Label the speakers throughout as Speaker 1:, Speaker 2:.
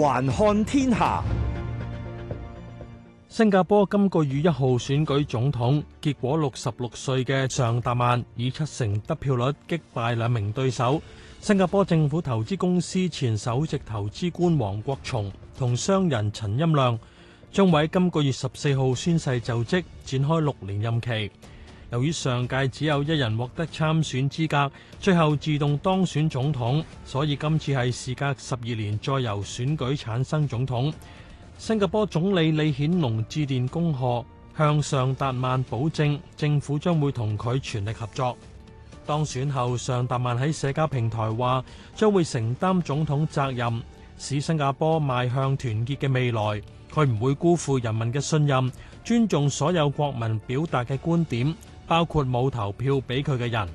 Speaker 1: 環看天下，新加坡今個月一號選舉總統，結果六十六歲嘅尚達曼以七成得票率擊敗兩名對手。新加坡政府投資公司前首席投資官黃國松同商人陳欽亮，將喺今個月十四號宣誓就職，展開六年任期。由於上屆只有一人獲得參選資格，最後自動當選總統，所以今次係事隔十二年再由選舉產生總統。新加坡總理李顯龍致電恭賀，向尚達曼保證政府將會同佢全力合作。當選後，尚達曼喺社交平台話將會承擔總統責任，使新加坡邁向團結嘅未來。佢唔會辜負人民嘅信任，尊重所有國民表達嘅觀點。包括冇投票俾佢嘅人。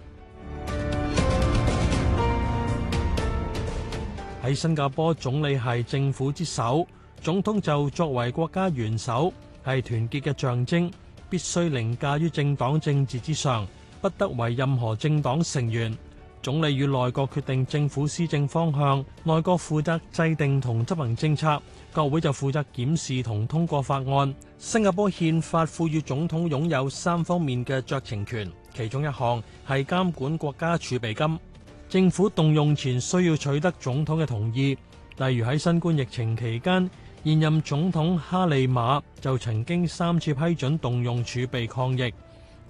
Speaker 1: 喺新加坡，總理係政府之首，總統就作為國家元首，係團結嘅象徵，必須凌駕於政黨政治之上，不得為任何政黨成員。總理與內閣決定政府施政方向，內閣負責制定同執行政策，國會就負責檢視同通過法案。新加坡憲法賦予總統擁有三方面嘅酌情權，其中一項係監管國家儲備金，政府動用前需要取得總統嘅同意。例如喺新冠疫情期間，現任總統哈莉瑪就曾經三次批准動用儲備抗疫。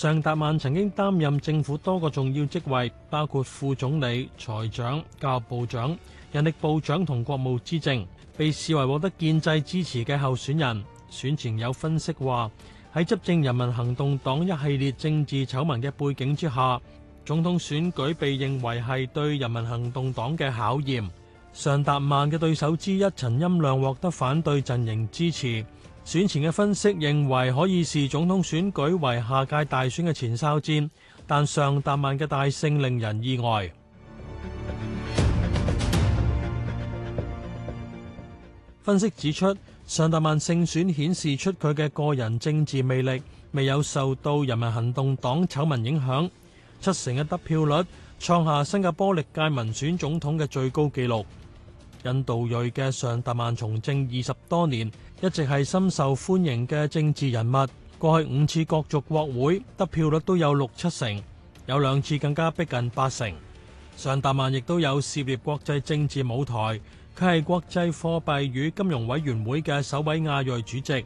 Speaker 1: 尚達曼曾經擔任政府多個重要職位，包括副總理、財長、教育部長、人力部長同國務資政，被視為獲得建制支持嘅候選人。選前有分析話，喺執政人民行動黨一系列政治醜聞嘅背景之下，總統選舉被認為係，對人民行動黨嘅考驗。尚達曼嘅對手之一陳欽亮，獲得反對陣營支持。選前嘅分析認為，可以視，總統選舉為下屆大選嘅前哨戰，但尚達曼嘅大勝令人意外。分析指出，尚達曼勝選顯示出佢嘅個人政治魅力，未有受到人民行動黨醜聞影響，七成嘅得票率，創下新加坡歷屆民選總統嘅最高紀錄。印度裔嘅尚達曼從政二十多年，一直係深受歡迎嘅政治人物。過去五次角逐國會，得票率都有六七成，有兩次更加逼近八成。尚達曼亦都有涉獵國際政治舞台，佢係國際貨幣與金融委員會嘅首位亞裔主席，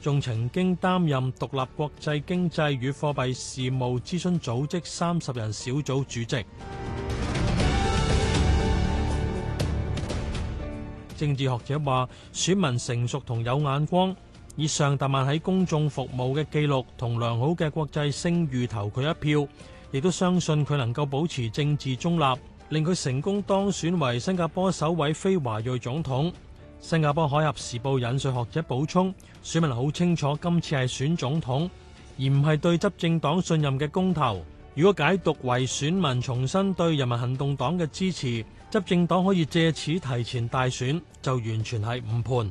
Speaker 1: 仲曾經擔任獨立國際經濟與貨幣事務諮詢組織三十人小組主席。政治學者話：選民成熟同有眼光，以尚達曼喺公眾服務嘅記錄同良好嘅國際聲譽投佢一票，亦都相信佢能夠保持政治中立，令佢成功當選為新加坡首位非華裔總統。新加坡《海峽時報》引述學者補充：選民好清楚今次係選總統，而唔係對執政黨信任嘅公投。如果解讀為選民重新對人民行動黨嘅支持。執政黨可以借此提前大選，就完全係誤判。